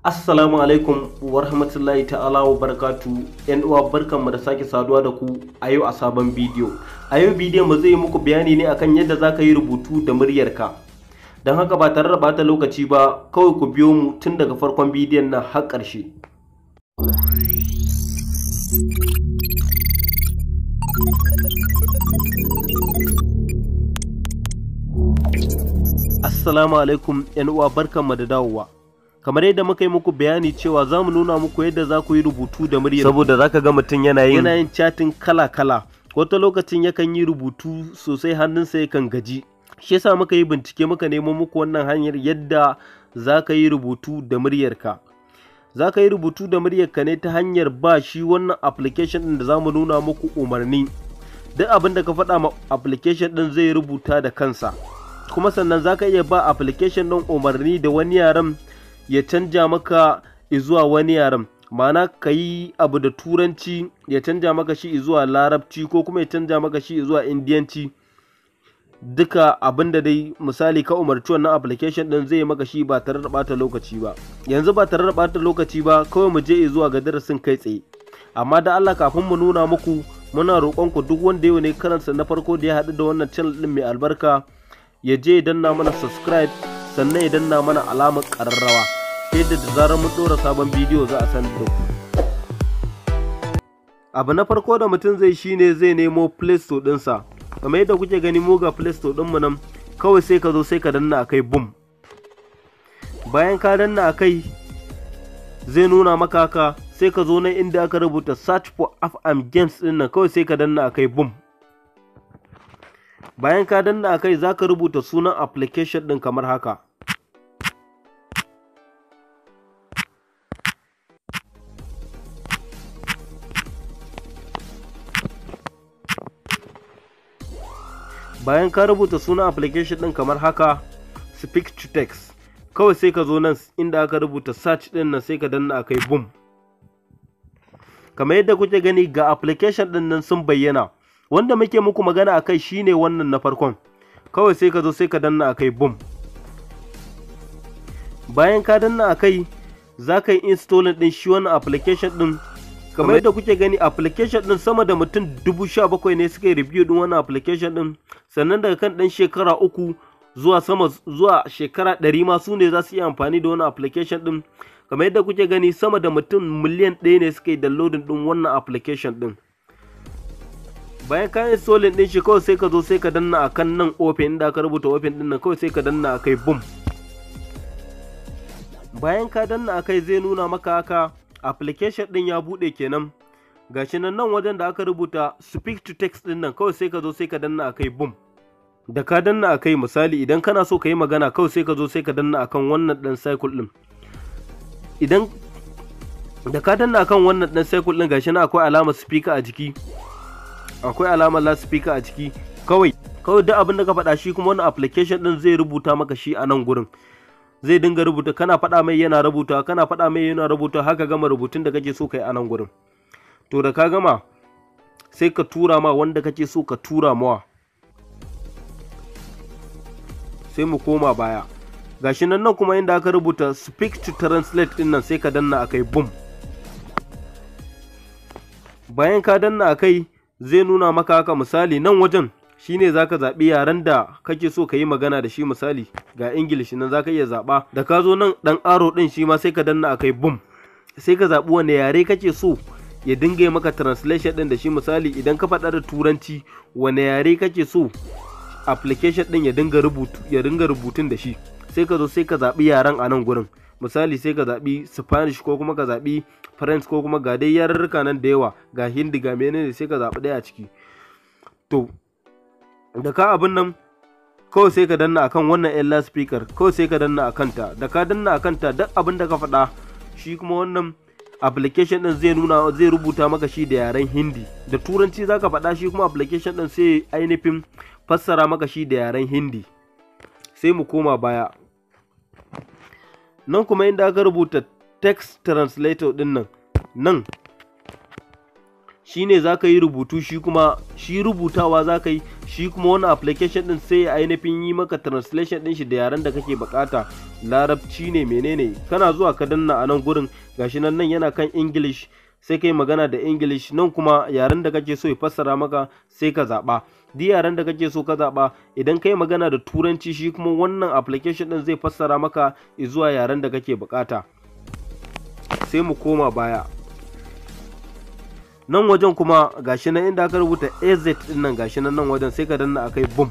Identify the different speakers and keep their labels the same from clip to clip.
Speaker 1: Assalamu alaikum wa rahmatullahi ta'ala wa barakatu ‘yan uwa barkanmu da sake saduwa da ku a yau a sabon bidiyo. A yau bidiyon mu zai muku bayani ne akan yadda za ka yi rubutu da muryarka. Don haka ba tare da bata lokaci ba kawai ku biyo mu tun daga farkon bidiyon nan har ƙarshe. Assalamu alaikum ‘yan uwa barkanmu da dawowa. kamar yadda muka yi muku bayani cewa za mu nuna muku yadda za ku yi rubutu da murya saboda za ka ga mutum yana yin yana chatin kala kala wata lokacin yakan yi rubutu sosai hannunsa yakan gaji shi yasa muka yi bincike muka nemo muku wannan hanyar yadda za ka yi rubutu da muryarka za ka yi rubutu da muryarka ne ta hanyar ba shi wannan application ɗin da za mu nuna muku umarni duk abin da ka faɗa ma application ɗin zai rubuta da kansa kuma sannan za ka iya ba application ɗin umarni da wani yaren ya canja maka zuwa wani yaren ma'ana ka yi abu da turanci ya canja maka shi zuwa larabci ko kuma ya canja maka shi zuwa indiyanci duka abin da dai misali ka umarci wannan application din zai maka shi ba tare da bata lokaci ba yanzu ba tare da bata lokaci ba kawai mu je zuwa ga darasin kai tsaye amma da Allah kafin mu nuna muku muna roƙon ku duk wanda yau ne karansa na farko da ya haɗu da wannan channel din mai albarka ya je ya danna mana subscribe sannan ya danna mana alamar ƙararrawa yadda da zarar mun ɗora sabon bidiyo za a san da Abu na farko da mutum zai shi ne zai nemo Play Store ɗinsa, kamar yadda kuke gani mu ga Play Store ɗinmu nan kawai sai ka zo sai ka danna a kai boom. Bayan ka danna a zai nuna maka ka, sai ka zo nan inda aka rubuta search for app games ɗin nan kawai sai ka danna a boom. Bayan ka danna a kai za ka rubuta sunan application ɗin kamar haka. bayan ka rubuta sunan application ɗin kamar haka speak to text kawai sai ka zo nan inda aka rubuta search ɗinna nan sai ka danna akai boom kamar yadda kuke gani ga application ɗin nan sun bayyana wanda muke muku magana akai shine wannan na farkon kawai sai ka zo sai ka danna akai boom bayan ka danna akai za ka yi ɗin shi wannan application din kamar yadda kuke gani application din sama da mutum dubu sha bakwai ne suka yi review din wannan application din sannan daga kan dan shekara uku zuwa sama zuwa shekara ɗari ma su ne za su yi amfani da wannan application din kamar yadda kuke gani sama da mutum miliyan ɗaya ne suka yi downloading din wannan application din bayan ka yi solin din shi kawai sai ka zo sai ka danna a kan nan open inda aka rubuta open din nan kawai sai ka danna akai boom bayan ka danna a kai zai nuna maka haka application din ya bude kenan gashi nan nan wajen da aka rubuta speak to text din nan kawai sai ka zo sai ka danna akai boom da ka danna akai misali idan kana so ka yi magana kawai sai ka zo sai ka danna akan wannan dan cycle din idan da ka danna akan wannan dan cycle din gashi nan akwai alamar speaker a jiki akwai alamar last speaker a jiki kawai kawai duk abin da ka faɗa shi kuma wannan application din zai rubuta maka shi a nan gurin zai dinga rubuta kana faɗa mai yana rubuta kana faɗa mai yana rubuta haka gama rubutun da kake so kai a nan gurin to da ka gama sai ka tura ma wanda kake so ka tura mawa sai mu koma baya gashi nan nan kuma inda aka rubuta speak to translate din nan sai ka danna akai boom bayan ka danna akai zai nuna maka haka misali nan wajen shi ne za ka zaɓi yaren da kake so ka yi magana da shi misali ga ingilishi nan za ka iya zaɓa da ka zo nan ɗan aro ɗin shi ma sai ka danna a kai bum sai ka zaɓi wani yare kake so ya dinga maka translation ɗin da shi misali idan ka faɗa da turanci wani yare kake so application ɗin ya dinga rubutu ya dinga rubutun da shi sai ka zo sai ka zaɓi yaren a nan gurin misali sai ka zaɓi spanish ko kuma ka zaɓi french ko kuma ga dai yarurruka nan da yawa ga hindi ga menene sai ka zaɓi ɗaya a ciki to da ka abin nan kawai sai ka danna akan wannan yan speaker kawai sai ka danna akan ta da ka danna akan ta duk abin da ka faɗa shi kuma wannan application din zai nuna zai rubuta maka shi da yaren hindi da turanci zaka faɗa shi kuma application din sai ainihin fassara maka shi da yaren hindi sai mu koma baya nan kuma inda aka rubuta text translator din nan nan shi ne za ka yi rubutu shi kuma shi rubutawa za ka yi shi kuma wani application din sai ya ainihin yi maka translation din shi da yaren da kake bukata larabci ne menene kana zuwa ka danna a nan gurin gashi nan nan yana kan english sai kai magana da english nan kuma yaren da kake so ya fassara maka sai ka zaba duk yaren da kake so ka zaɓa idan kai magana da turanci shi kuma wannan application din zai fassara maka zuwa yaren da kake bukata sai mu koma baya nan wajen kuma gashi nan inda aka rubuta az din nan gashi nan nan wajen sai ka danna akai bum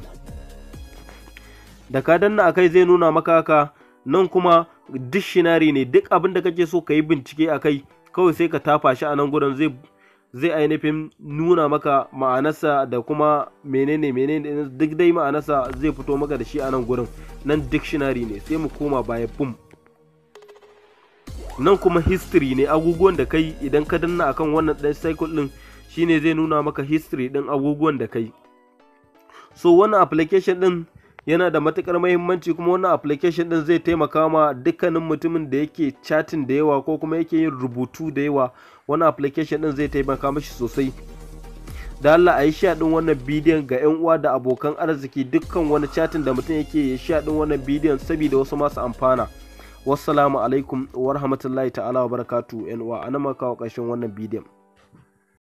Speaker 1: da ka danna akai zai nuna maka haka nan kuma dictionary ne duk abin da kake so ka yi bincike akai kawai sai ka tafa shi a nan gurin zai zai ainihin nuna maka ma'anarsa da kuma menene menene duk dai ma'anarsa zai fito maka da shi a nan gurin nan dictionary ne sai mu koma baya bum. nan kuma history ne agogon da kai idan ka danna akan wannan ɗan cycle ɗin shine zai nuna maka history ɗin agogon da kai so wannan application ɗin yana da matukar mahimmanci kuma wannan application din zai taimaka ma dukkanin mutumin da yake chatting da yawa ko kuma yake yin rubutu da yawa wannan application din zai taimaka mashi sosai da Allah a yi sha din wannan bidiyon ga 'yan uwa da abokan arziki dukkan wani chatting da mutum yake ya sha din wannan bidiyon saboda wasu masu amfana wassalamu alaikum wa rahmatullahi ta'ala wa barakatu yan uwa an maka wa ƙarshen wannan bidiyon